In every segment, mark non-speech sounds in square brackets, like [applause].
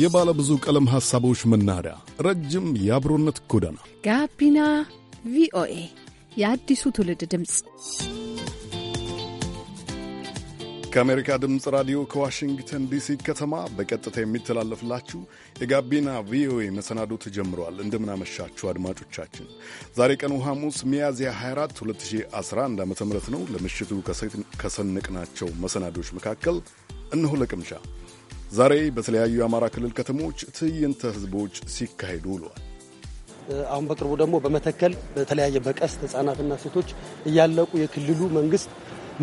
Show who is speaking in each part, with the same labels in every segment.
Speaker 1: የባለ ብዙ ቀለም ሐሳቦች መናኸሪያ፣ ረጅም የአብሮነት ጎዳና፣
Speaker 2: ጋቢና ቪኦኤ፣ የአዲሱ ትውልድ ድምፅ።
Speaker 1: ከአሜሪካ ድምፅ ራዲዮ ከዋሽንግተን ዲሲ ከተማ በቀጥታ የሚተላለፍላችሁ የጋቢና ቪኦኤ መሰናዶ ተጀምረዋል። እንደምናመሻችሁ አድማጮቻችን። ዛሬ ቀኑ ሐሙስ ሚያዝያ 24 2011 ዓ ም ነው። ለምሽቱ ከሰነቅናቸው መሰናዶች መካከል እነሆ ለቅምሻ ዛሬ በተለያዩ የአማራ ክልል ከተሞች ትዕይንተ ህዝቦች ሲካሄዱ ውሏል።
Speaker 3: አሁን በቅርቡ ደግሞ በመተከል በተለያየ በቀስት ህጻናትና ሴቶች እያለቁ የክልሉ መንግስት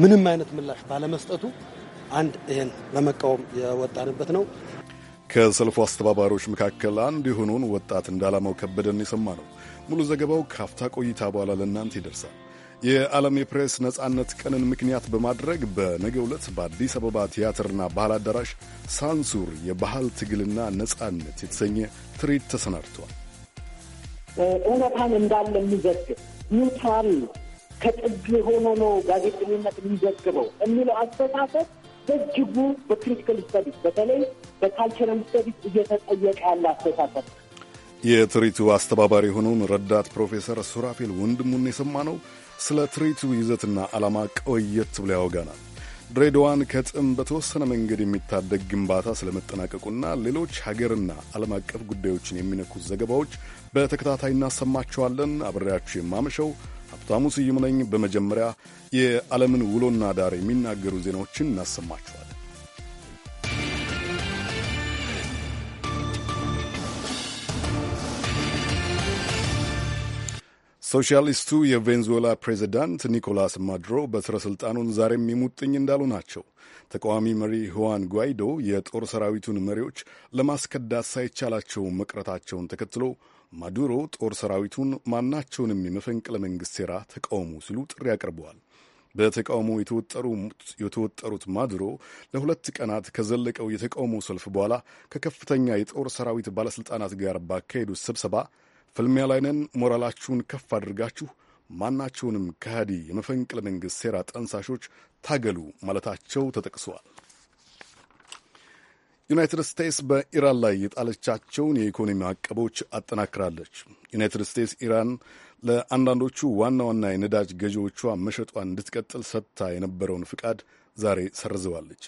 Speaker 3: ምንም አይነት ምላሽ ባለመስጠቱ አንድ ይህን በመቃወም የወጣንበት ነው።
Speaker 1: ከሰልፉ አስተባባሪዎች መካከል አንዱ የሆነውን ወጣት እንዳላማው ከበደን የሰማ ነው። ሙሉ ዘገባው ከአፍታ ቆይታ በኋላ ለእናንተ ይደርሳል። የዓለም የፕሬስ ነጻነት ቀንን ምክንያት በማድረግ በነገ ዕለት በአዲስ አበባ ቲያትርና ባህል አዳራሽ ሳንሱር የባህል ትግልና ነጻነት የተሰኘ ትርኢት ተሰናድቷል።
Speaker 4: እውነታን እንዳለ የሚዘግብ ኒውትራል ከጥግ ሆኖ ነው ጋዜጠኝነት የሚዘግበው የሚለው አስተሳሰብ በእጅጉ በክሪቲካል ስተዲስ በተለይ በካልቸራል ስተዲስ እየተጠየቀ ያለ አስተሳሰብ
Speaker 1: የትርኢቱ አስተባባሪ የሆነውን ረዳት ፕሮፌሰር ሱራፌል ወንድሙን የሰማ ነው። ስለ ትርኢቱ ይዘትና ዓላማ ቆየት ብሎ ያወጋናል። ድሬዳዋን ከጥም በተወሰነ መንገድ የሚታደግ ግንባታ ስለመጠናቀቁና ሌሎች ሀገርና ዓለም አቀፍ ጉዳዮችን የሚነኩ ዘገባዎች በተከታታይ እናሰማቸዋለን አብሬያችሁ የማመሸው ሀብታሙ ስዩም ነኝ። በመጀመሪያ የዓለምን ውሎና ዳር የሚናገሩ ዜናዎችን እናሰማቸዋል። ሶሻሊስቱ የቬንዙዌላ ፕሬዚዳንት ኒኮላስ ማዱሮ በሥረ ሥልጣኑን ዛሬም የሙጥኝ እንዳሉ ናቸው። ተቃዋሚ መሪ ሁዋን ጓይዶ የጦር ሰራዊቱን መሪዎች ለማስከዳት ሳይቻላቸው መቅረታቸውን ተከትሎ ማዱሮ ጦር ሰራዊቱን ማናቸውንም የመፈንቅለ መንግሥት ሴራ ተቃውሙ ሲሉ ጥሪ አቅርበዋል። በተቃውሞ የተወጠሩት ማድሮ ለሁለት ቀናት ከዘለቀው የተቃውሞ ሰልፍ በኋላ ከከፍተኛ የጦር ሰራዊት ባለሥልጣናት ጋር ባካሄዱት ስብሰባ ፍልሚያ ላይ ነን። ሞራላችሁን ከፍ አድርጋችሁ ማናቸውንም ከሃዲ የመፈንቅለ መንግሥት ሴራ ጠንሳሾች ታገሉ ማለታቸው ተጠቅሰዋል። ዩናይትድ ስቴትስ በኢራን ላይ የጣለቻቸውን የኢኮኖሚ ማዕቀቦች አጠናክራለች። ዩናይትድ ስቴትስ ኢራን ለአንዳንዶቹ ዋና ዋና የነዳጅ ገዢዎቿ መሸጧን እንድትቀጥል ሰጥታ የነበረውን ፍቃድ ዛሬ ሰርዘዋለች።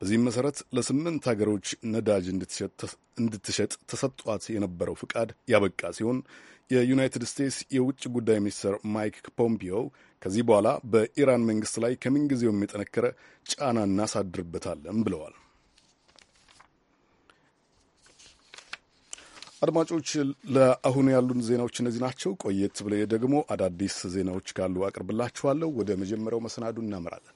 Speaker 1: በዚህም መሰረት ለስምንት ሀገሮች ነዳጅ እንድትሸጥ ተሰጧት የነበረው ፍቃድ ያበቃ ሲሆን የዩናይትድ ስቴትስ የውጭ ጉዳይ ሚኒስትር ማይክ ፖምፒዮ ከዚህ በኋላ በኢራን መንግስት ላይ ከምንጊዜውም የጠነከረ ጫና እናሳድርበታለን ብለዋል። አድማጮች ለአሁኑ ያሉን ዜናዎች እነዚህ ናቸው። ቆየት ብለ ደግሞ አዳዲስ ዜናዎች ካሉ አቅርብላችኋለሁ። ወደ መጀመሪያው መሰናዱ እናመራለን።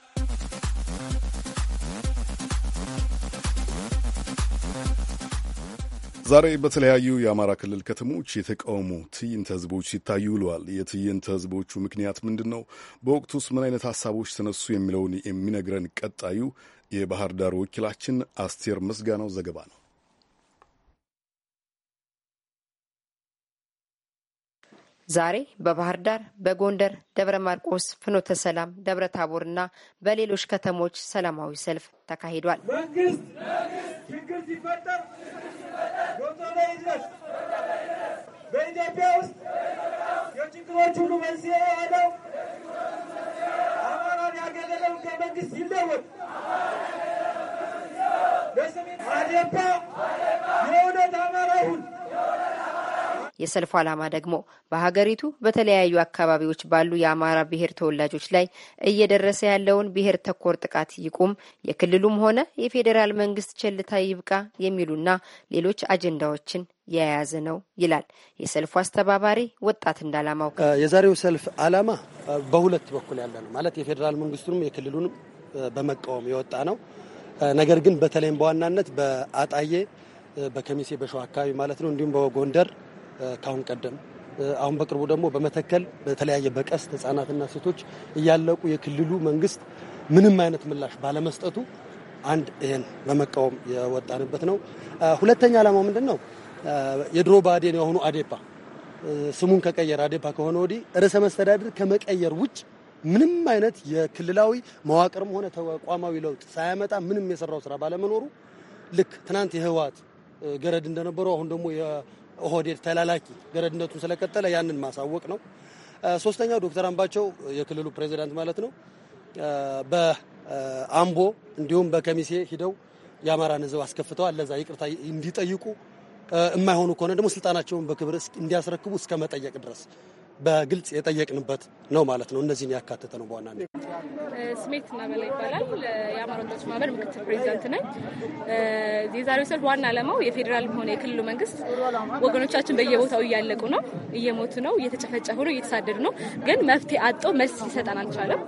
Speaker 1: ዛሬ በተለያዩ የአማራ ክልል ከተሞች የተቃውሞ ትዕይንተ ህዝቦች ሲታዩ ውለዋል። የትዕይንተ ህዝቦቹ ምክንያት ምንድን ነው? በወቅቱ ውስጥ ምን አይነት ሀሳቦች ተነሱ? የሚለውን የሚነግረን ቀጣዩ የባህር ዳር ወኪላችን አስቴር መስጋናው ዘገባ ነው።
Speaker 2: ዛሬ በባህር ዳር፣ በጎንደር፣ ደብረ ማርቆስ፣ ፍኖተ ሰላም፣ ደብረ ታቦር እና በሌሎች ከተሞች ሰላማዊ ሰልፍ ተካሂዷል። መንግስት
Speaker 5: ችግር ሲፈጠር ዶቶ በኢትዮጵያ ውስጥ
Speaker 6: የችግሮች ሁሉ መንስኤ
Speaker 5: የሆነው አማራን ያገለለው ህገ ይለወጥ።
Speaker 6: ለስሜት አዴፓ የእውነት አማራ ሁን።
Speaker 2: የሰልፉ ዓላማ ደግሞ በሀገሪቱ በተለያዩ አካባቢዎች ባሉ የአማራ ብሔር ተወላጆች ላይ እየደረሰ ያለውን ብሔር ተኮር ጥቃት ይቁም፣ የክልሉም ሆነ የፌዴራል መንግስት ቸልታ ይብቃ የሚሉና ሌሎች አጀንዳዎችን የያዘ ነው ይላል የሰልፉ አስተባባሪ ወጣት እንዳላማው።
Speaker 3: የዛሬው ሰልፍ ዓላማ በሁለት በኩል ያለ ነው ማለት የፌዴራል መንግስቱንም የክልሉንም በመቃወም የወጣ ነው። ነገር ግን በተለይም በዋናነት በአጣዬ፣ በከሚሴ፣ በሸዋ አካባቢ ማለት ነው እንዲሁም በጎንደር ካሁን ቀደም አሁን በቅርቡ ደግሞ በመተከል በተለያየ በቀስት ህጻናትና ሴቶች እያለቁ የክልሉ መንግስት ምንም አይነት ምላሽ ባለመስጠቱ አንድ ይህን በመቃወም የወጣንበት ነው። ሁለተኛ ዓላማው ምንድን ነው? የድሮ ብአዴን የሆኑ አዴፓ ስሙን ከቀየረ አዴፓ ከሆነ ወዲህ ርዕሰ መስተዳድር ከመቀየር ውጭ ምንም አይነት የክልላዊ መዋቅርም ሆነ ተቋማዊ ለውጥ ሳያመጣ ምንም የሰራው ስራ ባለመኖሩ ልክ ትናንት የህወሓት ገረድ እንደነበረው አሁን ደግሞ ኦህዴድ ተላላኪ ገረድነቱን ስለቀጠለ ያንን ማሳወቅ ነው። ሶስተኛው ዶክተር አምባቸው የክልሉ ፕሬዚዳንት ማለት ነው በአምቦ እንዲሁም በከሚሴ ሂደው የአማራን ህዝብ አስከፍተዋል። ለዛ ይቅርታ እንዲጠይቁ የማይሆኑ ከሆነ ደግሞ ስልጣናቸውን በክብር እንዲያስረክቡ እስከ መጠየቅ ድረስ በግልጽ የጠየቅንበት ነው ማለት ነው። እነዚህን ያካተተ ነው
Speaker 2: በዋናነት። ስሜት እና በላይ ይባላል። የአማራ ወጣቶች ማህበር ምክትል ፕሬዚዳንት ነኝ። የዛሬው ሰልፍ ዋና ዓላማው የፌዴራልም ሆነ የክልሉ መንግስት ወገኖቻችን በየቦታው እያለቁ ነው፣ እየሞቱ ነው፣ እየተጨፈጨፉ ነው፣ እየተሳደዱ ነው። ግን መፍትሄ አጥቶ መልስ ሊሰጠን አልቻለም።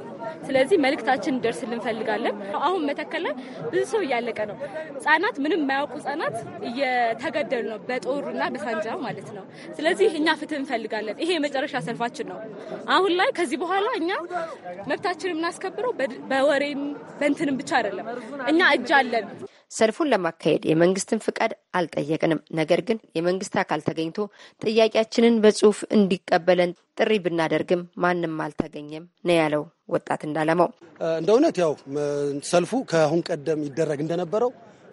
Speaker 2: ስለዚህ መልእክታችን ደርስ እንፈልጋለን። አሁን መተከል ላይ ብዙ ሰው እያለቀ ነው። ህጻናት፣ ምንም የማያውቁ ህጻናት እየተገደሉ ነው፣ በጦርና በሳንጃ ማለት ነው። ስለዚህ እኛ ፍትህ እንፈልጋለን። ይሄ የመጨረሻ ሰልፋችን ነው። አሁን ላይ ከዚህ በኋላ እኛ መብታችን የምናስከብረው በወሬም በእንትንም ብቻ አይደለም። እኛ እጅ አለን። ሰልፉን ለማካሄድ የመንግስትን ፍቃድ አልጠየቅንም። ነገር ግን የመንግስት አካል ተገኝቶ ጥያቄያችንን በጽሁፍ እንዲቀበለን ጥሪ ብናደርግም ማንም አልተገኘም ነው ያለው።
Speaker 3: ወጣት እንዳለመው እንደ እውነት ያው ሰልፉ ከአሁን ቀደም ይደረግ እንደነበረው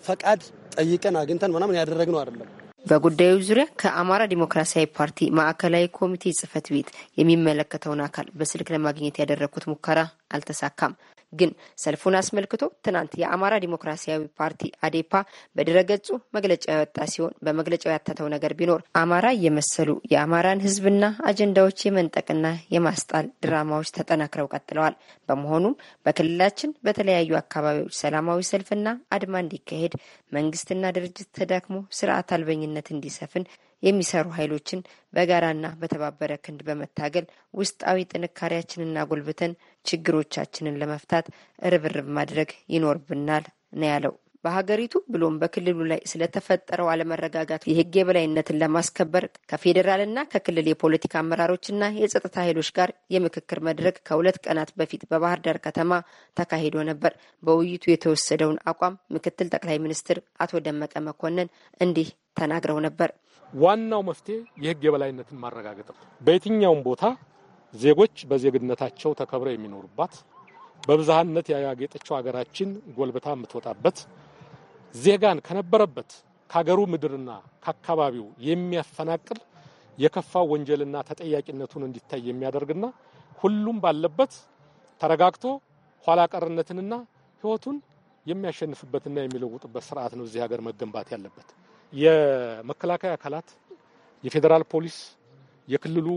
Speaker 3: ፈቃድ
Speaker 2: ጠይቀን አግኝተን
Speaker 3: ምናምን ያደረግነው
Speaker 2: አይደለም። በጉዳዩ ዙሪያ ከአማራ ዲሞክራሲያዊ ፓርቲ ማዕከላዊ ኮሚቴ ጽህፈት ቤት የሚመለከተውን አካል በስልክ ለማግኘት ያደረግኩት ሙከራ አልተሳካም። ግን ሰልፉን አስመልክቶ ትናንት የአማራ ዲሞክራሲያዊ ፓርቲ አዴፓ በድረገጹ መግለጫ ያወጣ ሲሆን በመግለጫው ያተተው ነገር ቢኖር አማራ የመሰሉ የአማራን ህዝብና አጀንዳዎች የመንጠቅና የማስጣል ድራማዎች ተጠናክረው ቀጥለዋል። በመሆኑም በክልላችን በተለያዩ አካባቢዎች ሰላማዊ ሰልፍና አድማ እንዲካሄድ መንግስትና ድርጅት ተዳክሞ ስርዓት አልበኝነት እንዲሰፍን የሚሰሩ ኃይሎችን በጋራና በተባበረ ክንድ በመታገል ውስጣዊ ጥንካሬያችንና ጎልብተን ችግሮቻችንን ለመፍታት ርብርብ ማድረግ ይኖርብናል ነው ያለው። በሀገሪቱ ብሎም በክልሉ ላይ ስለተፈጠረው አለመረጋጋት የሕግ የበላይነትን ለማስከበር ከፌዴራልና ከክልል የፖለቲካ አመራሮችና የጸጥታ ኃይሎች ጋር የምክክር መድረክ ከሁለት ቀናት በፊት በባህር ዳር ከተማ ተካሂዶ ነበር። በውይይቱ የተወሰደውን አቋም ምክትል ጠቅላይ ሚኒስትር አቶ ደመቀ መኮንን እንዲህ ተናግረው ነበር።
Speaker 7: ዋናው መፍትሄ የህግ የበላይነትን ማረጋገጥ ነው። በየትኛውም ቦታ ዜጎች በዜግነታቸው ተከብረው የሚኖሩባት በብዝሃነት ያጌጠችው ሀገራችን ጎልብታ የምትወጣበት ዜጋን ከነበረበት ከሀገሩ ምድርና ከአካባቢው የሚያፈናቅል የከፋው ወንጀልና ተጠያቂነቱን እንዲታይ የሚያደርግና ሁሉም ባለበት ተረጋግቶ ኋላ ቀርነትንና ህይወቱን የሚያሸንፍበትና የሚለውጥበት ስርዓት ነው እዚህ ሀገር መገንባት ያለበት። የመከላከያ አካላት፣ የፌዴራል ፖሊስ፣ የክልሉ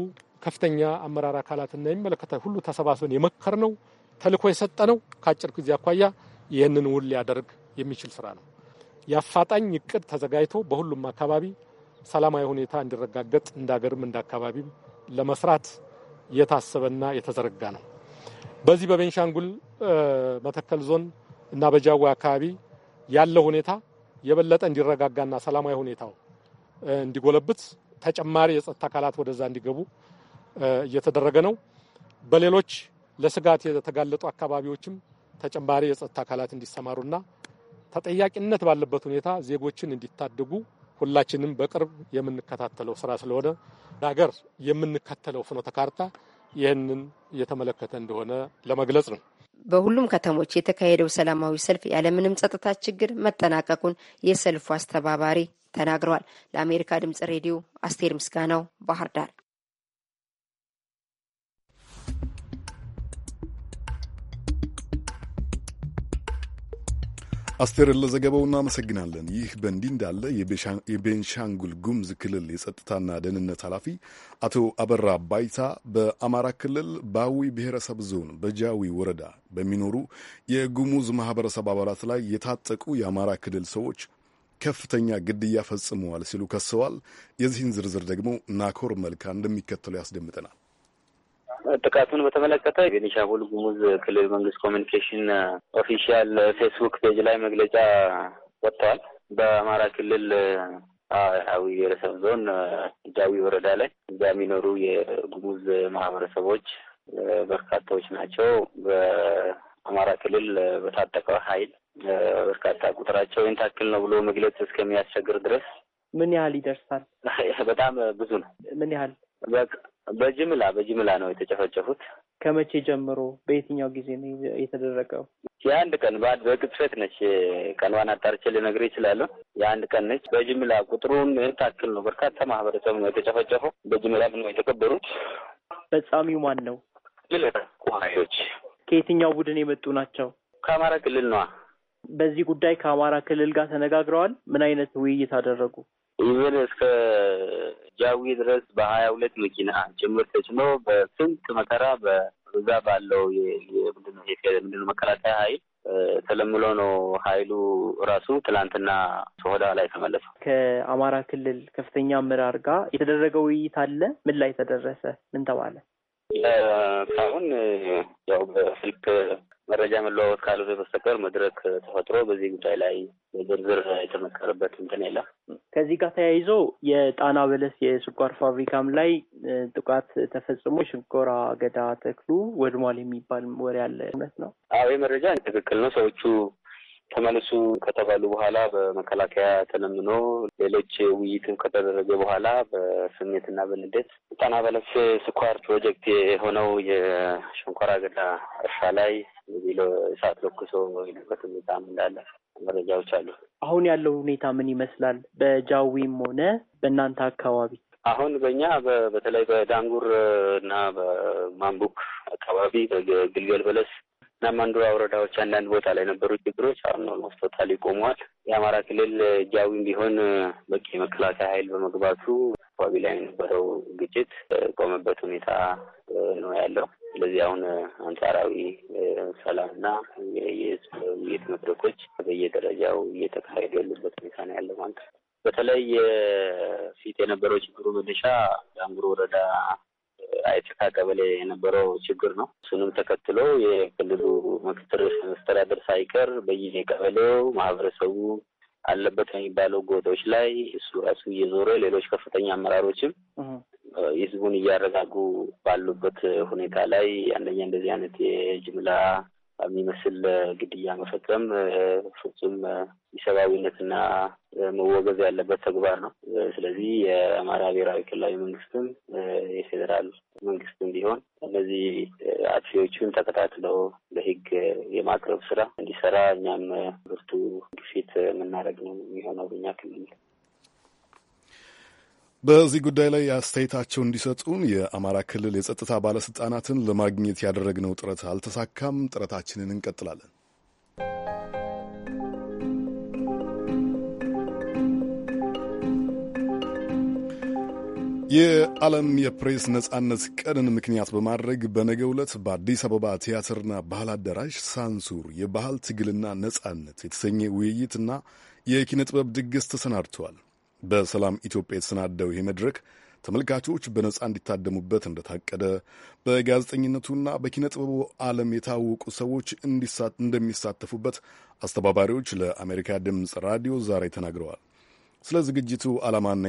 Speaker 7: ከፍተኛ አመራር አካላትና የሚመለከተ ሁሉ ተሰባስበን የመከር ነው ተልእኮ የሰጠ ነው። ከአጭር ጊዜ አኳያ ይህንን ውል ሊያደርግ የሚችል ስራ ነው። የአፋጣኝ እቅድ ተዘጋጅቶ በሁሉም አካባቢ ሰላማዊ ሁኔታ እንዲረጋገጥ እንደ ሀገርም እንደ አካባቢም ለመስራት የታሰበና የተዘረጋ ነው። በዚህ በቤንሻንጉል መተከል ዞን እና በጃዌ አካባቢ ያለው ሁኔታ የበለጠ እንዲረጋጋና ሰላማዊ ሁኔታው እንዲጎለብት ተጨማሪ የጸጥታ አካላት ወደዛ እንዲገቡ እየተደረገ ነው። በሌሎች ለስጋት የተጋለጡ አካባቢዎችም ተጨማሪ የጸጥታ አካላት እንዲሰማሩና ተጠያቂነት ባለበት ሁኔታ ዜጎችን እንዲታደጉ ሁላችንም በቅርብ የምንከታተለው ስራ ስለሆነ ለሀገር የምንከተለው ፍኖተ ካርታ ይህንን እየተመለከተ እንደሆነ ለመግለጽ ነው።
Speaker 2: በሁሉም ከተሞች የተካሄደው ሰላማዊ ሰልፍ ያለምንም ጸጥታ ችግር መጠናቀቁን የሰልፉ አስተባባሪ ተናግረዋል። ለአሜሪካ ድምጽ ሬዲዮ አስቴር ምስጋናው ባህር ዳር
Speaker 1: አስቴርን ለዘገባው እናመሰግናለን። ይህ በእንዲህ እንዳለ የቤንሻንጉል ጉሙዝ ክልል የጸጥታና ደህንነት ኃላፊ አቶ አበራ ባይታ በአማራ ክልል በአዊ ብሔረሰብ ዞን በጃዊ ወረዳ በሚኖሩ የጉሙዝ ማህበረሰብ አባላት ላይ የታጠቁ የአማራ ክልል ሰዎች ከፍተኛ ግድያ ፈጽመዋል ሲሉ ከሰዋል። የዚህን ዝርዝር ደግሞ ናኮር መልካ እንደሚከተለው ያስደምጠናል።
Speaker 8: ጥቃቱን በተመለከተ ቤኒሻንጉል ጉሙዝ ክልል መንግስት ኮሚኒኬሽን ኦፊሻል ፌስቡክ ፔጅ ላይ መግለጫ ወጥተዋል። በአማራ ክልል አዊ ብሔረሰብ ዞን ዳዊ ወረዳ ላይ እዛ የሚኖሩ የጉሙዝ ማህበረሰቦች በርካታዎች ናቸው። በአማራ ክልል በታጠቀው ኃይል በርካታ ቁጥራቸው ይህን ታክል ነው ብሎ መግለጽ እስከሚያስቸግር ድረስ
Speaker 6: ምን ያህል ይደርሳል?
Speaker 8: [laughs] በጣም ብዙ ነው። ምን ያህል በጅምላ በጅምላ ነው የተጨፈጨፉት።
Speaker 6: ከመቼ ጀምሮ በየትኛው ጊዜ ነው የተደረገው?
Speaker 8: የአንድ ቀን በአንድ በቅጽበት ነች። ቀንዋን አጣርቼ ልነግርህ እችላለሁ። የአንድ ቀን ነች። በጅምላ ቁጥሩን ታክል ነው። በርካታ ማህበረሰብ ነው የተጨፈጨፈው። በጅምላ ነው የተቀበሩት።
Speaker 6: ፈጻሚው ማን ነው? ቁሃዮች ከየትኛው ቡድን የመጡ ናቸው?
Speaker 8: ከአማራ ክልል ነዋ።
Speaker 6: በዚህ ጉዳይ ከአማራ ክልል ጋር ተነጋግረዋል? ምን አይነት ውይይት አደረጉ?
Speaker 8: ኢቨን እስከ ጃዊ ድረስ በሀያ ሁለት መኪና ጭምር ተጭኖ በስንት መከራ በዛ ባለው ምንድነው መከላከያ ኃይል ተለምሎ ነው ኃይሉ ራሱ ትላንትና ሶሆዳ ላይ ተመለሰ።
Speaker 6: ከአማራ ክልል ከፍተኛ አመራር ጋር የተደረገ ውይይት አለ። ምን ላይ ተደረሰ? ምን ተባለ?
Speaker 8: እስካሁን ያው በስልክ መረጃ መለዋወጥ ካሉ በስተቀር መድረክ ተፈጥሮ በዚህ ጉዳይ ላይ በዝርዝር የተመከረበት እንትን የለም።
Speaker 6: ከዚህ ጋር ተያይዞ የጣና በለስ የስኳር ፋብሪካም ላይ ጥቃት ተፈጽሞ ሽንኮራ አገዳ ተክሉ ወድሟል የሚባል ወሬ አለ። እውነት ነው?
Speaker 8: አዎ መረጃ ትክክል ነው። ሰዎቹ ተመልሱ ከተባሉ በኋላ በመከላከያ ተለምኖ ሌሎች ውይይትም ከተደረገ በኋላ በስሜትና በንዴት ጣና በለስ ስኳር ፕሮጀክት የሆነው የሸንኮራ አገዳ እርሻ ላይ ሚሎ እሳት ለኩሶ ሄዱበት ሁኔታ እንዳለ መረጃዎች አሉ።
Speaker 6: አሁን ያለው ሁኔታ ምን ይመስላል? በጃዊም ሆነ በእናንተ አካባቢ
Speaker 8: አሁን በእኛ በተለይ በዳንጉር እና በማንቡክ አካባቢ በግልገል በለስ እና ማንዱራ ወረዳዎች አንዳንድ ቦታ ላይ ነበሩ ችግሮች አሁን ኦልሞስት ቶታሊ ቆመዋል። የአማራ ክልል ጃዊም ቢሆን በቂ የመከላከያ ኃይል በመግባቱ አካባቢ ላይ የነበረው ግጭት ቆመበት ሁኔታ ነው ያለው። ስለዚህ አሁን አንጻራዊ ሰላምና የህዝብ ውይይት መድረኮች በየደረጃው እየተካሄዱ ያሉበት ሁኔታ ነው ያለው ማለት ነው። በተለይ ፊት የነበረው ችግሩ መነሻ የአንጉሮ ወረዳ አይጭካ ቀበሌ የነበረው ችግር ነው። እሱንም ተከትሎ የክልሉ ምክትል መስተዳደር ሳይቀር በየቀበሌው ማህበረሰቡ አለበት የሚባለው ቦታዎች ላይ እሱ ራሱ እየዞረ ሌሎች ከፍተኛ አመራሮችም ህዝቡን እያረጋጉ ባሉበት ሁኔታ ላይ አንደኛ እንደዚህ አይነት የጅምላ የሚመስል ግድያ መፈጸም ፍጹም ኢሰብአዊነትና መወገዝ ያለበት ተግባር ነው። ስለዚህ የአማራ ብሔራዊ ክልላዊ መንግስትም የፌዴራል መንግስትም ቢሆን እነዚህ አጥፊዎቹን ተከታትለው ለህግ የማቅረብ ስራ እንዲሰራ እኛም ብርቱ ግፊት የምናደርግ ነው የሚሆነው በኛ ክልል
Speaker 1: በዚህ ጉዳይ ላይ አስተያየታቸው እንዲሰጡን የአማራ ክልል የጸጥታ ባለስልጣናትን ለማግኘት ያደረግነው ጥረት አልተሳካም። ጥረታችንን እንቀጥላለን። የዓለም የፕሬስ ነጻነት ቀንን ምክንያት በማድረግ በነገ ዕለት በአዲስ አበባ ቲያትርና ባህል አዳራሽ ሳንሱር የባህል ትግልና ነጻነት የተሰኘ ውይይትና የኪነ ጥበብ ድግስ ተሰናድተዋል። በሰላም ኢትዮጵያ የተሰናደው ይህ መድረክ ተመልካቾች በነጻ እንዲታደሙበት እንደታቀደ በጋዜጠኝነቱና በኪነ ጥበቡ ዓለም የታወቁ ሰዎች እንደሚሳተፉበት አስተባባሪዎች ለአሜሪካ ድምፅ ራዲዮ ዛሬ ተናግረዋል። ስለ ዝግጅቱ ዓላማና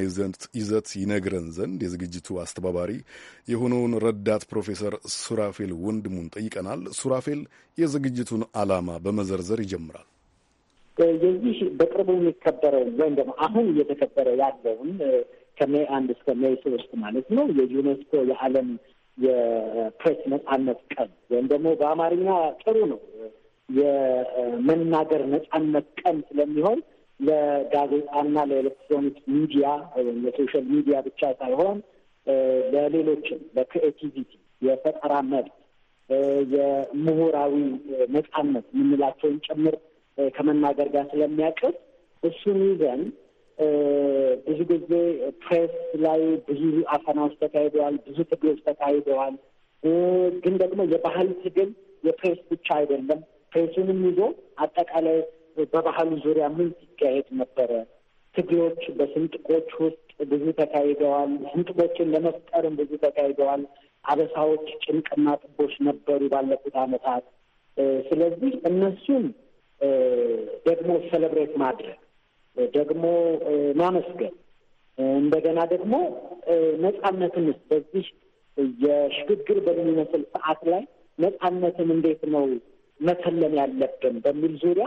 Speaker 1: ይዘት ይነግረን ዘንድ የዝግጅቱ አስተባባሪ የሆነውን ረዳት ፕሮፌሰር ሱራፌል ወንድሙን ጠይቀናል። ሱራፌል የዝግጅቱን ዓላማ በመዘርዘር ይጀምራል።
Speaker 9: የዚህ በቅርቡ
Speaker 4: የሚከበረው ወይም ደግሞ አሁን እየተከበረ ያለውን ከሜይ አንድ እስከ ሜይ ሶስት ማለት ነው የዩኔስኮ የዓለም የፕሬስ ነጻነት ቀን ወይም ደግሞ በአማርኛ ጥሩ ነው የመናገር ነጻነት ቀን ስለሚሆን ለጋዜጣና ለኤሌክትሮኒክ ሚዲያ ወይም ለሶሻል ሚዲያ ብቻ ሳይሆን ለሌሎችም ለክሬቲቪቲ፣ የፈጠራ መብት፣ የምሁራዊ ነጻነት የምንላቸውን ጭምር ከመናገር ጋር ስለሚያቅብ እሱን ይዘን ብዙ ጊዜ ፕሬስ ላይ ብዙ አፈናዎች ተካሂደዋል፣ ብዙ ትግሎች ተካሂደዋል። ግን ደግሞ የባህል ትግል የፕሬስ ብቻ አይደለም። ፕሬሱንም ይዞ አጠቃላይ በባህሉ ዙሪያ ምን ሲካሄድ ነበረ? ትግሎች በስንጥቆች ውስጥ ብዙ ተካሂደዋል። ስንጥቆችን ለመፍጠርም ብዙ ተካሂደዋል። አበሳዎች፣ ጭንቅና ጥቦች ነበሩ ባለፉት ዓመታት። ስለዚህ እነሱን ደግሞ ሰለብሬት ማድረግ ደግሞ ማመስገን እንደገና ደግሞ ነጻነትን በዚህ የሽግግር በሚመስል ሰዓት ላይ ነጻነትን እንዴት ነው መተለም ያለብን በሚል ዙሪያ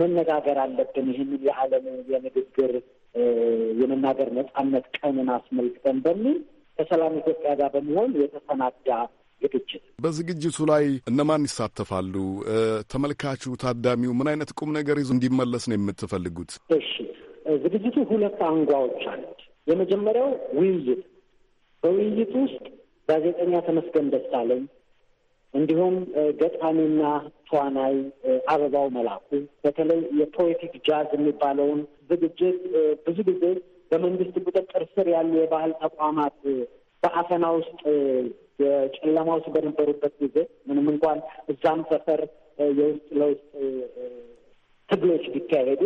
Speaker 4: መነጋገር አለብን። ይህንን የዓለም የንግግር የመናገር ነጻነት ቀንን አስመልክተን በሚል ከሰላም ኢትዮጵያ ጋር በመሆን የተሰናዳ ዝግጅት
Speaker 1: በዝግጅቱ ላይ እነማን ይሳተፋሉ? ተመልካቹ፣ ታዳሚው ምን አይነት ቁም ነገር ይዞ እንዲመለስ ነው የምትፈልጉት?
Speaker 4: እሺ፣ ዝግጅቱ ሁለት አንጓዎች አሉት። የመጀመሪያው ውይይት። በውይይት ውስጥ ጋዜጠኛ ተመስገን ደሳለኝ እንዲሁም ገጣሚና ተዋናይ አበባው መላኩ በተለይ የፖኤቲክ ጃዝ የሚባለውን ዝግጅት ብዙ ጊዜ በመንግስት ቁጥጥር ስር ያሉ የባህል ተቋማት በአፈና ውስጥ የጨለማ ውስጥ በነበሩበት ጊዜ ምንም እንኳን እዛም ሰፈር የውስጥ ለውስጥ ትግሎች ቢካሄዱ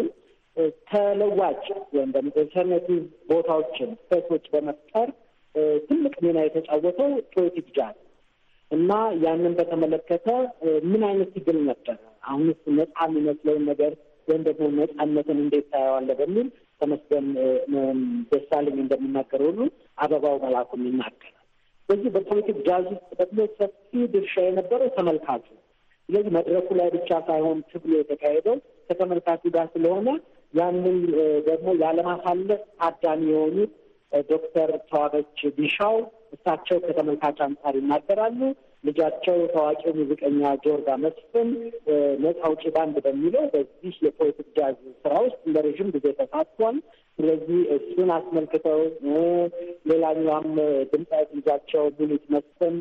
Speaker 4: ተለዋጭ ወይም ደግሞ ኢንተርኔቲቭ ቦታዎችን ስፔሶች በመፍጠር ትልቅ ሚና የተጫወተው ፖለቲክ ጃል እና ያንን በተመለከተ ምን አይነት ትግል ነበረ? አሁንስ ነጻ የሚመስለውን ነገር ወይም ደግሞ ነጻነትን እንዴት ታየዋለህ? በሚል ተመስገን ደሳለኝ እንደሚናገር ሁሉ አበባው መላኩ የሚናገር በዚህ በፖለቲክ ጃዙ ተጠቅሞ ሰፊ ድርሻ የነበረው ተመልካቹ። ስለዚህ መድረኩ ላይ ብቻ ሳይሆን ትግሉ የተካሄደው ከተመልካቹ ጋር ስለሆነ ያንን ደግሞ ያለማሳለፍ ታዳሚ የሆኑት ዶክተር ተዋበች ቢሻው እሳቸው ከተመልካች አንጻር ይናገራሉ። ልጃቸው ታዋቂው ሙዚቀኛ ጆርጋ መስፍን ነጻ አውጪ ባንድ በሚለው በዚህ የፖለቲክ ጃዝ ስራ ውስጥ ለረዥም ጊዜ ተሳትፏል። ስለዚህ እሱን አስመልክተው ሌላኛዋም ድምፃዊት ልጃቸው ሙሉት መስፍን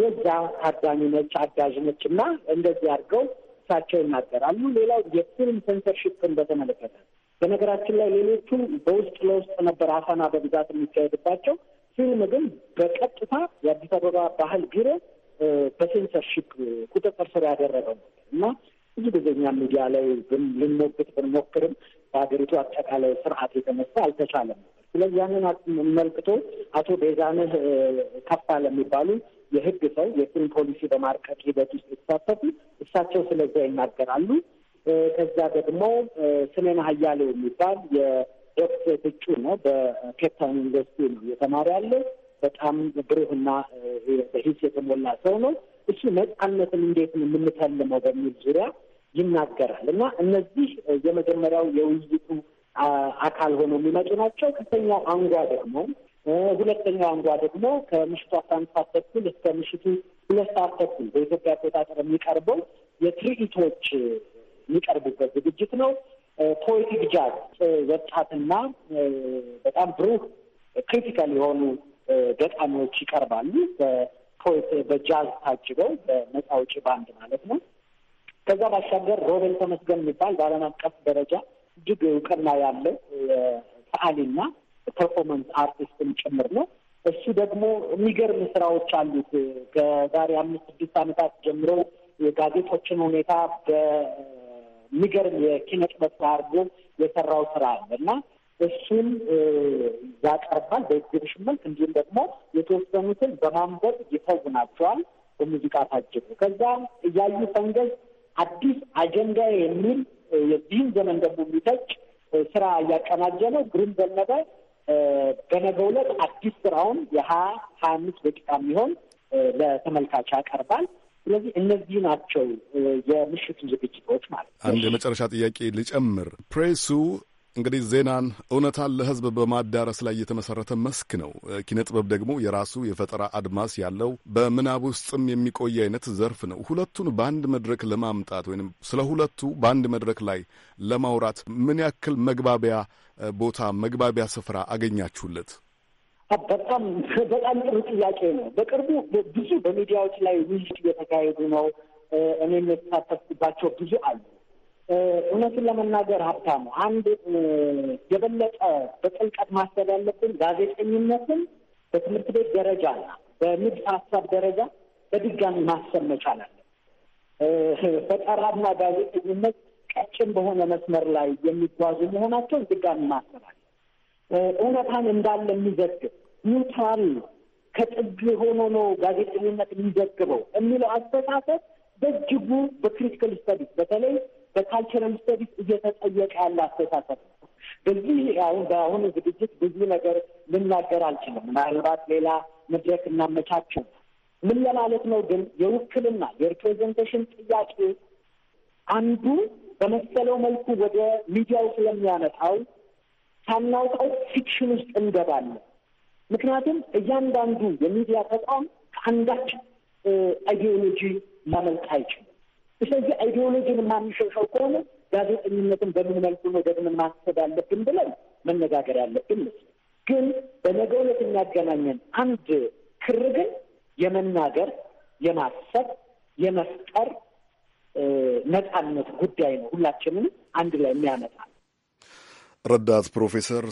Speaker 4: የዛ ታዳሚ ነች፣ አጋዥ ነች እና እንደዚህ አድርገው እሳቸው ይናገራሉ። ሌላው የፊልም ሴንሰርሽፕን በተመለከተ በነገራችን ላይ ሌሎቹ በውስጥ ለውስጥ ነበር አፈና በብዛት የሚካሄድባቸው ፊልም ግን በቀጥታ የአዲስ አበባ ባህል ቢሮ በሴንሰርሽፕ ቁጥጥር ስር ያደረገው እና ብዙ ጊዜ እኛ ሚዲያ ላይ ልንሞግት ብንሞክርም በሀገሪቱ አጠቃላይ ስርዓት የተነሳ አልተቻለም። ስለዚህ ያንን መልክቶ አቶ ቤዛንህ ከፋ ለሚባሉ የህግ ሰው የፊልም ፖሊሲ በማርቀቅ ሂደት ውስጥ የተሳተፉ እሳቸው ስለዚያ ይናገራሉ። ከዛ ደግሞ ስሜን ሀያሌው የሚባል ኤክስፕሬት እጩ ነው። በኬፕታውን ዩኒቨርሲቲ ነው እየተማረ ያለው። በጣም ብሩህና በሂስ የተሞላ ሰው ነው። እሱ ነጻነትን እንዴት ነው የምንተልመው በሚል ዙሪያ ይናገራል እና እነዚህ የመጀመሪያው የውይይቱ አካል ሆኖ የሚመጡ ናቸው። ከተኛው አንጓ ደግሞ ሁለተኛው አንጓ ደግሞ ከምሽቱ አስራ አንድ ሰዓት ተኩል እስከ ምሽቱ ሁለት ሰዓት ተኩል በኢትዮጵያ አቆጣጠር የሚቀርበው የትርኢቶች የሚቀርቡበት ዝግጅት ነው። ፖኤቲክ ጃዝ ወጣትና በጣም ብሩህ ክሪቲካል የሆኑ ገጣሚዎች ይቀርባሉ። በጃዝ ታጅበው በነፃ አውጪ ባንድ ማለት ነው። ከዛ ባሻገር ሮቤል ተመስገን የሚባል በዓለም አቀፍ ደረጃ እጅግ እውቅና ያለው ሰዓሊና ፐርፎርማንስ አርቲስትም ጭምር ነው። እሱ ደግሞ የሚገርም ስራዎች አሉት። ከዛሬ አምስት ስድስት ዓመታት ጀምሮ የጋዜጦችን ሁኔታ የሚገርም የኪነ ጥበብ አድርጎ የሰራው ስራ አለ እና እሱን ያቀርባል በኤግዚቢሽን መልክ። እንዲሁም ደግሞ የተወሰኑትን በማንበብ ይተውናቸዋል በሙዚቃ ታጅቡ። ከዛ እያዩ ፈንገዝ አዲስ አጀንዳ የሚል የዚህም ዘመን ደግሞ የሚተች ስራ እያቀናጀ ነው። ግሩም ዘነበ በነገ ዕለት አዲስ ስራውን የሀያ ሀያ አምስት ደቂቃ የሚሆን ለተመልካች ያቀርባል። ስለዚህ እነዚህ ናቸው የምሽቱ ዝግጅቶች ማለት
Speaker 1: ነው። አንድ የመጨረሻ ጥያቄ ልጨምር። ፕሬሱ እንግዲህ ዜናን፣ እውነታን ለሕዝብ በማዳረስ ላይ የተመሰረተ መስክ ነው። ኪነጥበብ ደግሞ የራሱ የፈጠራ አድማስ ያለው በምናብ ውስጥም የሚቆይ አይነት ዘርፍ ነው። ሁለቱን በአንድ መድረክ ለማምጣት ወይም ስለ ሁለቱ በአንድ መድረክ ላይ ለማውራት ምን ያክል መግባቢያ ቦታ፣ መግባቢያ ስፍራ አገኛችሁለት?
Speaker 4: በጣም በጣም ጥሩ ጥያቄ ነው። በቅርቡ ብዙ በሚዲያዎች ላይ ውይይት እየተካሄዱ ነው። እኔም የተሳተፍኩባቸው ብዙ አሉ። እውነቱን ለመናገር ሀብታሙ፣ አንድ የበለጠ በጥልቀት ማሰብ ያለብን ጋዜጠኝነትን በትምህርት ቤት ደረጃ እና በንድፈ ሀሳብ ደረጃ በድጋሚ ማሰብ መቻል አለ። ፈጠራና ጋዜጠኝነት ቀጭን በሆነ መስመር ላይ የሚጓዙ መሆናቸውን ድጋሚ ማሰብ አለ። እውነታን እንዳለ የሚዘግብ ኒውትራል ከጥግ ሆኖ ነው ጋዜጠኝነት የሚዘግበው የሚለው አስተሳሰብ በእጅጉ በክሪቲካል ስተዲስ በተለይ በካልቸራል ስተዲስ እየተጠየቀ ያለ አስተሳሰብ ነው። በዚህ አሁን በአሁኑ ዝግጅት ብዙ ነገር ልናገር አልችልም። ምናልባት ሌላ መድረክ እናመቻቸው። ምን ለማለት ነው ግን የውክልና የሪፕሬዘንቴሽን ጥያቄ አንዱ በመሰለው መልኩ ወደ ሚዲያው ስለሚያመጣው ሳናውቀው ፊክሽን ውስጥ እንገባለን። ምክንያቱም እያንዳንዱ የሚዲያ ተቋም ከአንዳች አይዲዮሎጂ ማመልጥ አይችልም። ስለዚህ አይዲዮሎጂን የማንሸሸው ከሆነ ጋዜጠኝነትን በምን መልኩ ነው ደግመን ማሰብ ያለብን ብለን መነጋገር ያለብን ምስ ግን በነገ ዕለት የሚያገናኘን አንድ ክር ግን የመናገር የማሰብ የመፍጠር ነፃነት ጉዳይ ነው። ሁላችንም አንድ ላይ የሚያመጣ
Speaker 1: ረዳት ፕሮፌሰር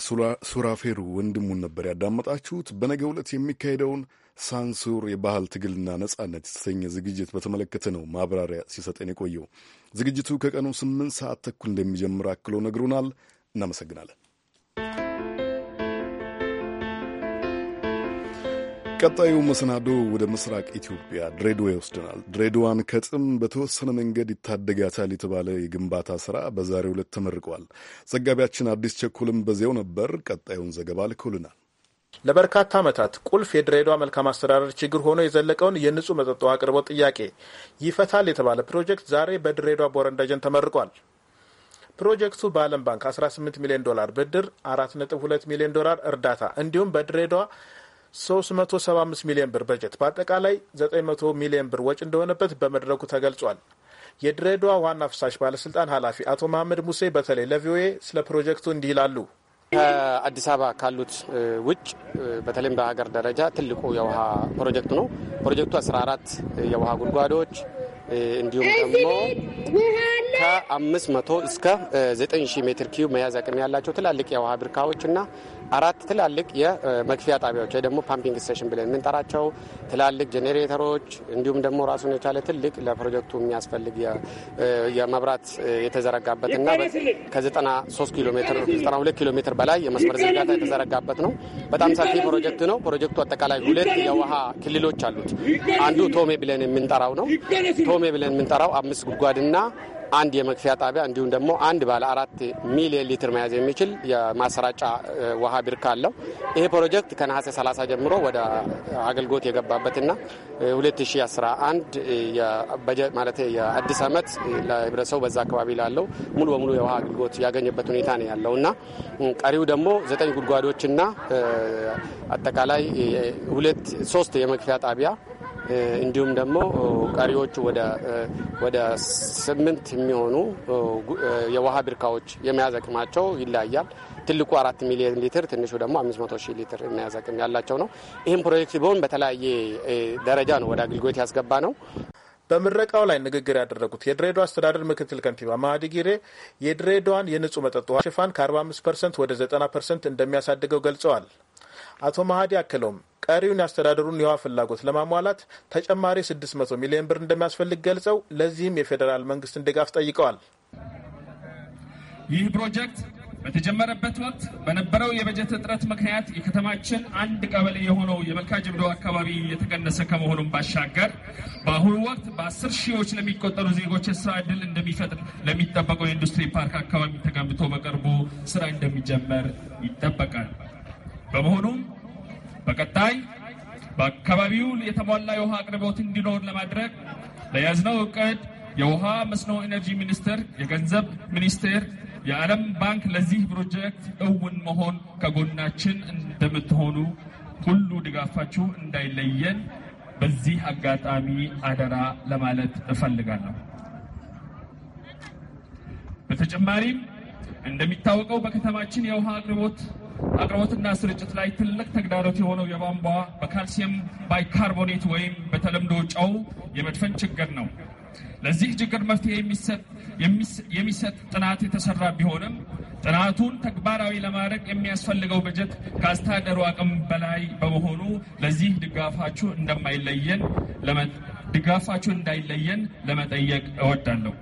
Speaker 1: ሱራፌሩ ወንድሙን ነበር ያዳመጣችሁት። በነገ ዕለት የሚካሄደውን ሳንሱር የባህል ትግልና ነጻነት የተሰኘ ዝግጅት በተመለከተ ነው ማብራሪያ ሲሰጠን የቆየው። ዝግጅቱ ከቀኑ ስምንት ሰዓት ተኩል እንደሚጀምር አክሎ ነግሮናል። እናመሰግናለን። ቀጣዩ መሰናዶ ወደ ምስራቅ ኢትዮጵያ ድሬዳዋ ይወስደናል። ድሬዳዋን ከጥም በተወሰነ መንገድ ይታደጋታል የተባለ የግንባታ ስራ በዛሬው ዕለት ተመርቋል። ዘጋቢያችን አዲስ ቸኮልም በዚያው ነበር። ቀጣዩን ዘገባ ልኮልናል።
Speaker 9: ለበርካታ ዓመታት ቁልፍ የድሬዳዋ መልካም አስተዳደር ችግር ሆኖ የዘለቀውን የንጹህ መጠጥ ውሃ አቅርቦት ጥያቄ ይፈታል የተባለ ፕሮጀክት ዛሬ በድሬዳዋ ቦረንዳጀን ተመርቋል። ፕሮጀክቱ በዓለም ባንክ 18 ሚሊዮን ዶላር ብድር፣ 4.2 ሚሊዮን ዶላር እርዳታ እንዲሁም በድሬዳዋ 375 ሚሊዮን ብር በጀት በአጠቃላይ 900 ሚሊዮን ብር ወጪ እንደሆነበት በመድረኩ ተገልጿል። የድሬዳዋ ዋና ፍሳሽ ባለስልጣን ኃላፊ አቶ መሐመድ ሙሴ በተለይ ለቪኦኤ ስለ ፕሮጀክቱ
Speaker 10: እንዲህ ይላሉ። ከአዲስ አበባ ካሉት ውጭ በተለይም በሀገር ደረጃ ትልቁ የውሃ ፕሮጀክት ነው። ፕሮጀክቱ 14 የውሃ ጉድጓዶች እንዲሁም ደግሞ ከአምስት መቶ እስከ ዘጠኝ ሺህ ሜትር ኪዩብ መያዝ አቅም ያላቸው ትላልቅ የውሃ ብርካዎች እና አራት ትላልቅ የመክፊያ ጣቢያዎች ወይ ደግሞ ፓምፒንግ ስቴሽን ብለን የምንጠራቸው ትላልቅ ጄኔሬተሮች እንዲሁም ደግሞ ራሱን የቻለ ትልቅ ለፕሮጀክቱ የሚያስፈልግ የመብራት የተዘረጋበት እና ከ93 ኪሎ ሜትር 92 ኪሎ ሜትር በላይ የመስመር ዝርጋታ የተዘረጋበት ነው። በጣም ሰፊ ፕሮጀክት ነው። ፕሮጀክቱ አጠቃላይ ሁለት የውሃ ክልሎች አሉት። አንዱ ቶሜ ብለን የምንጠራው ነው። ሎሜ ብለን የምንጠራው አምስት ጉድጓድና አንድ የመክፊያ ጣቢያ እንዲሁም ደግሞ አንድ ባለ አራት ሚሊዮን ሊትር መያዝ የሚችል የማሰራጫ ውሃ ብርካ አለው። ይሄ ፕሮጀክት ከነሐሴ 30 ጀምሮ ወደ አገልግሎት የገባበትና 2011 በጀት ማለት የአዲስ ዓመት ለህብረተሰቡ በዛ አካባቢ ላለው ሙሉ በሙሉ የውሃ አገልግሎት ያገኘበት ሁኔታ ነው ያለው እና ቀሪው ደግሞ ዘጠኝ ጉድጓዶችና አጠቃላይ ሁለት ሶስት የመክፊያ ጣቢያ እንዲሁም ደግሞ ቀሪዎቹ ወደ ስምንት የሚሆኑ የውሃ ብርካዎች የመያዝ አቅማቸው ይለያያል። ትልቁ አራት ሚሊዮን ሊትር ትንሹ ደግሞ አምስት መቶ ሺህ ሊትር የመያዝ አቅም ያላቸው ነው። ይህም ፕሮጀክት ቢሆን በተለያየ ደረጃ ነው ወደ አገልግሎት ያስገባ ነው። በምረቃው ላይ ንግግር
Speaker 9: ያደረጉት የድሬዳዋ አስተዳደር ምክትል ከንቲባ ማህዲ ጊሬ የድሬዳዋን የንጹህ መጠጥ ውሃ ሽፋን ከ45 ፐርሰንት ወደ 90 ፐርሰንት እንደሚያሳድገው ገልጸዋል። አቶ ማህዲ አክለውም ቀሪውን ያስተዳደሩን የውሃ ፍላጎት ለማሟላት ተጨማሪ 600 ሚሊዮን ብር እንደሚያስፈልግ ገልጸው ለዚህም የፌዴራል መንግስትን ድጋፍ ጠይቀዋል።
Speaker 5: ይህ ፕሮጀክት በተጀመረበት ወቅት በነበረው የበጀት እጥረት ምክንያት የከተማችን አንድ ቀበሌ የሆነው የመልካ ጅምዶ አካባቢ የተቀነሰ ከመሆኑም ባሻገር በአሁኑ ወቅት በአስር ሺዎች ለሚቆጠሩ ዜጎች የስራ እድል እንደሚፈጥር ለሚጠበቀው የኢንዱስትሪ ፓርክ አካባቢ ተገንብቶ በቅርቡ ስራ እንደሚጀመር ይጠበቃል። በመሆኑም በቀጣይ በአካባቢው የተሟላ የውሃ አቅርቦት እንዲኖር ለማድረግ ለያዝነው እቅድ የውሃ መስኖ ኢነርጂ ሚኒስቴር፣ የገንዘብ ሚኒስቴር፣ የዓለም ባንክ ለዚህ ፕሮጀክት እውን መሆን ከጎናችን እንደምትሆኑ ሁሉ ድጋፋችሁ እንዳይለየን በዚህ አጋጣሚ አደራ ለማለት እፈልጋለሁ። በተጨማሪም እንደሚታወቀው በከተማችን የውሃ አቅርቦት አቅርቦትና ስርጭት ላይ ትልቅ ተግዳሮት የሆነው የቧንቧ በካልሲየም ባይካርቦኔት ወይም በተለምዶ ጨው የመድፈን ችግር ነው። ለዚህ ችግር መፍትሄ የሚሰጥ ጥናት የተሰራ ቢሆንም ጥናቱን ተግባራዊ ለማድረግ የሚያስፈልገው በጀት ከአስተዳደሩ አቅም በላይ በመሆኑ ለዚህ ድጋፋችሁ እንደማይለየን ድጋፋችሁ እንዳይለየን ለመጠየቅ እወዳለሁ።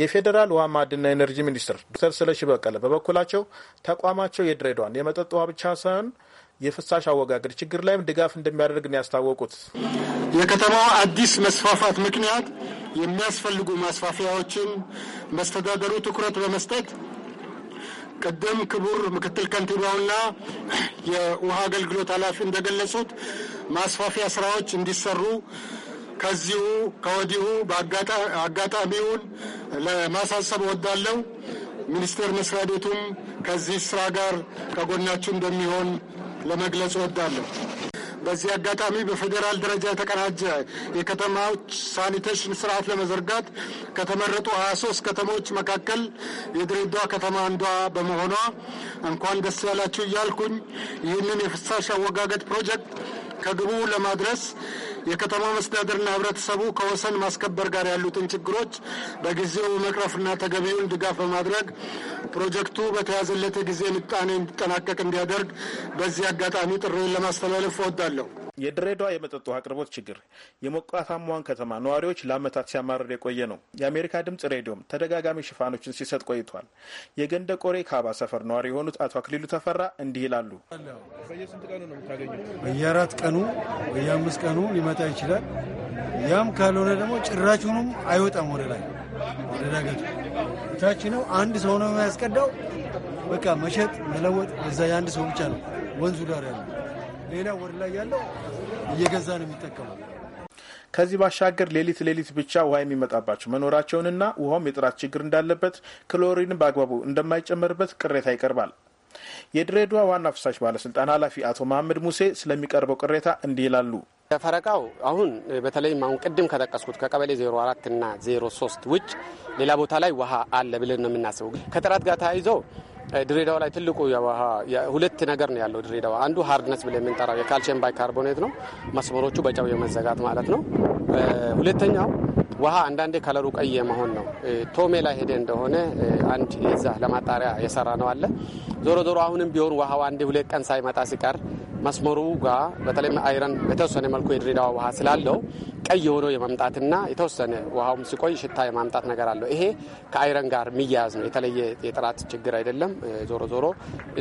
Speaker 9: የፌዴራል ውሃ ማዕድንና ኤነርጂ ሚኒስትር ዶክተር ስለሺ በቀለ በበኩላቸው ተቋማቸው የድሬዳዋን የመጠጥ ውሃ ብቻ ሳይሆን የፍሳሽ አወጋገድ ችግር ላይም ድጋፍ እንደሚያደርግ ነው ያስታወቁት። የከተማዋ አዲስ መስፋፋት ምክንያት
Speaker 7: የሚያስፈልጉ ማስፋፊያዎችን መስተዳደሩ ትኩረት በመስጠት ቅድም ክቡር ምክትል ከንቲባውና የውሃ አገልግሎት ኃላፊ እንደገለጹት ማስፋፊያ ስራዎች እንዲሰሩ ከዚሁ ከወዲሁ አጋጣሚውን ለማሳሰብ እወዳለሁ። ሚኒስቴር መስሪያ ቤቱም ከዚህ ስራ ጋር ከጎናችሁ እንደሚሆን ለመግለጽ እወዳለሁ። በዚህ አጋጣሚ በፌዴራል ደረጃ የተቀናጀ የከተማዎች ሳኒቴሽን ስርዓት ለመዘርጋት ከተመረጡ 23 ከተሞች መካከል የድሬዳዋ ከተማ አንዷ በመሆኗ እንኳን ደስ ያላችሁ እያልኩኝ ይህንን የፍሳሽ አወጋገጥ ፕሮጀክት ከግቡ ለማድረስ የከተማ መስተዳደርና ህብረተሰቡ ከወሰን ማስከበር ጋር ያሉትን ችግሮች በጊዜው መቅረፍና ተገቢውን ድጋፍ በማድረግ ፕሮጀክቱ በተያዘለት
Speaker 9: ጊዜ ምጣኔ እንዲጠናቀቅ እንዲያደርግ በዚህ አጋጣሚ ጥሪውን ለማስተላለፍ እወዳለሁ። የድሬዳዋ የመጠጥ ውሃ አቅርቦት ችግር የሞቃታማዋን ከተማ ነዋሪዎች ለአመታት ሲያማርር የቆየ ነው። የአሜሪካ ድምጽ ሬዲዮም ተደጋጋሚ ሽፋኖችን ሲሰጥ ቆይቷል። የገንደ ቆሬ ካባ ሰፈር ነዋሪ የሆኑት አቶ አክሊሉ ተፈራ እንዲህ ይላሉ። በየአራት ቀኑ
Speaker 3: በየአምስት ቀኑ ሊመጣ ይችላል። ያም ካልሆነ ደግሞ ጭራችሁንም አይወጣም። ወደ ላይ ወደ ዳገቱ ታች ነው። አንድ ሰው ነው የሚያስቀዳው። በቃ መሸጥ መለወጥ እዛ የአንድ ሰው ብቻ ነው ወንዙ ዳር ያለው ሌላ ወር ላይ ያለው እየገዛ ነው የሚጠቀመው።
Speaker 9: ከዚህ ባሻገር ሌሊት ሌሊት ብቻ ውሃ የሚመጣባቸው መኖራቸውንና ውሃውም የጥራት ችግር እንዳለበት፣ ክሎሪን በአግባቡ እንደማይጨመርበት ቅሬታ ይቀርባል። የድሬዳዋ ዋና ፍሳሽ ባለስልጣን ኃላፊ አቶ መሀመድ ሙሴ ስለሚቀርበው ቅሬታ እንዲህ ይላሉ።
Speaker 10: ፈረቃው አሁን በተለይም አሁን ቅድም ከጠቀስኩት ከቀበሌ 04 እና 03 ውጭ ሌላ ቦታ ላይ ውሃ አለ ብለን ነው የምናስበው። ከጥራት ጋር ተያይዞ ድሬዳዋ ላይ ትልቁ ሁለት ነገር ነው ያለው። ድሬዳዋ አንዱ ሀርድነስ ብለን የምንጠራው የካልሽየም ባይካርቦኔት ነው፣ መስመሮቹ በጨው የመዘጋት ማለት ነው። ሁለተኛው ውሃ አንዳንዴ ከለሩ ቀይ መሆን ነው። ቶሜ ላይ ሄደ እንደሆነ አንድ የዛ ለማጣሪያ የሰራ ነው አለ። ዞሮ ዞሮ አሁንም ቢሆን ውሃው አንድ ሁለት ቀን ሳይመጣ ሲቀር መስመሩ ጋር በተለይም አይረን በተወሰነ መልኩ የድሬዳዋ ውሃ ስላለው ቀይ ሆኖ የማምጣትና የተወሰነ ውሃውም ሲቆይ ሽታ የማምጣት ነገር አለው። ይሄ ከአይረን ጋር የሚያያዝ ነው። የተለየ የጥራት ችግር አይደለም። ዞሮ ዞሮ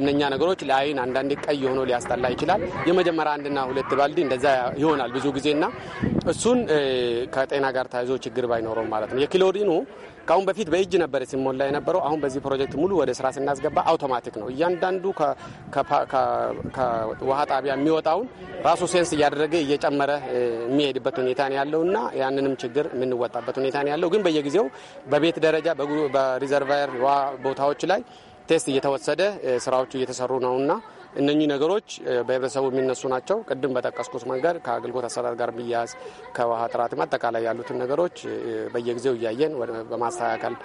Speaker 10: እነኛ ነገሮች ለአይን አንዳንዴ ቀይ ሆኖ ሊያስጠላ ይችላል። የመጀመሪያ አንድና ሁለት ባልዲ እንደዛ ይሆናል ብዙ ጊዜና እሱን ከጤና ጋር ተያይዞ ችግር ባይኖረው ማለት ነው የክሎሪኑ ከአሁን በፊት በእጅ ነበር ሲሞላ የነበረው። አሁን በዚህ ፕሮጀክት ሙሉ ወደ ስራ ስናስገባ አውቶማቲክ ነው። እያንዳንዱ ከውሃ ጣቢያ የሚወጣውን ራሱ ሴንስ እያደረገ እየጨመረ የሚሄድበት ሁኔታ ነው ያለው እና ያንንም ችግር የምንወጣበት ሁኔታ ነው ያለው። ግን በየጊዜው በቤት ደረጃ በሪዘርቫየር ቦታዎች ላይ ቴስት እየተወሰደ ስራዎቹ እየተሰሩ ነውና እነኚህ ነገሮች በህብረተሰቡ የሚነሱ ናቸው። ቅድም በጠቀስኩት መንገድ ከአገልግሎት አሰራር ጋር ብያያዝ ከውሃ ጥራትም አጠቃላይ ያሉትን ነገሮች በየጊዜው እያየን በማስተካከል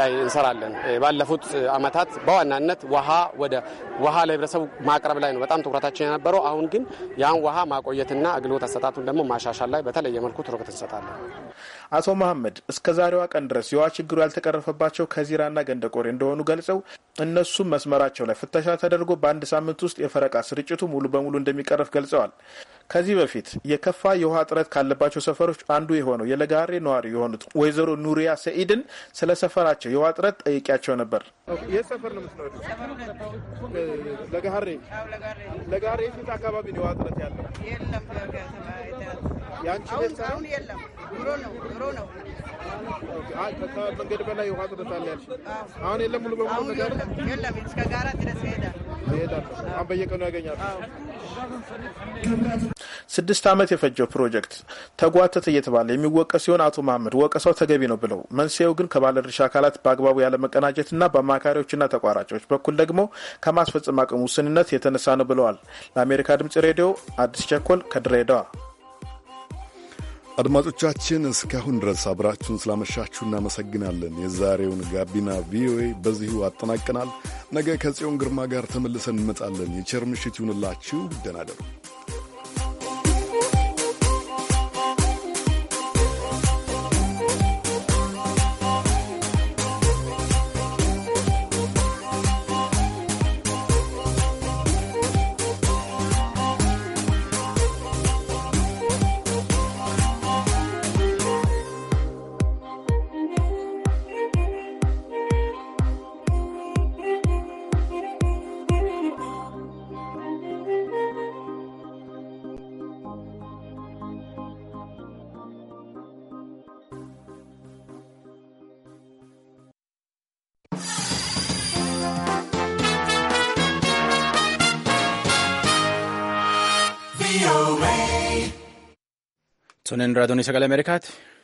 Speaker 10: ላይ እንሰራለን። ባለፉት አመታት በዋናነት ውሃ ወደ ውሃ ለህብረተሰቡ ማቅረብ ላይ ነው በጣም ትኩረታችን የነበረው። አሁን ግን ያን ውሃ ማቆየትና አገልግሎት አሰጣቱን ደግሞ ማሻሻል ላይ በተለየ መልኩ ትኩረት እንሰጣለን።
Speaker 9: አቶ መሐመድ እስከ ዛሬዋ ቀን ድረስ የውሃ ችግሩ ያልተቀረፈባቸው ከዚራና ገንደቆሬ እንደሆኑ ገልጸው እነሱም መስመራቸው ላይ ፍተሻ ተደርጎ በአንድ ሳምንት ውስጥ የፈረቃ ስርጭቱ ሙሉ በሙሉ እንደሚቀረፍ ገልጸዋል። ከዚህ በፊት የከፋ የውሃ እጥረት ካለባቸው ሰፈሮች አንዱ የሆነው የለጋሬ ነዋሪ የሆኑት ወይዘሮ ኑሪያ ሰኢድን ስለ ሰፈራቸው የውሃ እጥረት ጠይቂያቸው ነበር። የት ሰፈር ነው የምትኖሪው? ለጋሬ ለጋሬ ስንት አካባቢ ነው የውሃ እጥረት ያለው?
Speaker 8: አሁን አሁን የለም። ድሮ ነው ድሮ ነው።
Speaker 9: ከመንገድ በላይ ውሃ ያልሽ አሁን የለም። ሙሉ በሙሉ ነገር የለም። እስከ ጋራ ድረስ ይሄዳል ይሄዳል። አሁን በየቀኑ ያገኛል። ስድስት ዓመት የፈጀው ፕሮጀክት ተጓተተ እየተባለ የሚወቀስ ሲሆን አቶ መሀመድ ወቀሳው ተገቢ ነው ብለው መንስኤው ግን ከባለድርሻ አካላት በአግባቡ ያለመቀናጀትና በአማካሪዎችና ተቋራጮች በኩል ደግሞ ከማስፈጸም አቅም ውስንነት የተነሳ ነው ብለዋል። ለአሜሪካ ድምጽ ሬዲዮ አዲስ ቸኮል ከድሬዳዋ
Speaker 1: አድማጮቻችን እስካሁን ድረስ አብራችሁን ስላመሻችሁ እናመሰግናለን። የዛሬውን ጋቢና ቪኦኤ በዚሁ አጠናቀናል። ነገ ከጽዮን ግርማ ጋር ተመልሰን እንመጣለን። የቸር ምሽት ይሁንላችሁ። ደህና እደሩ።
Speaker 9: Sono in Radio Sagale Americati.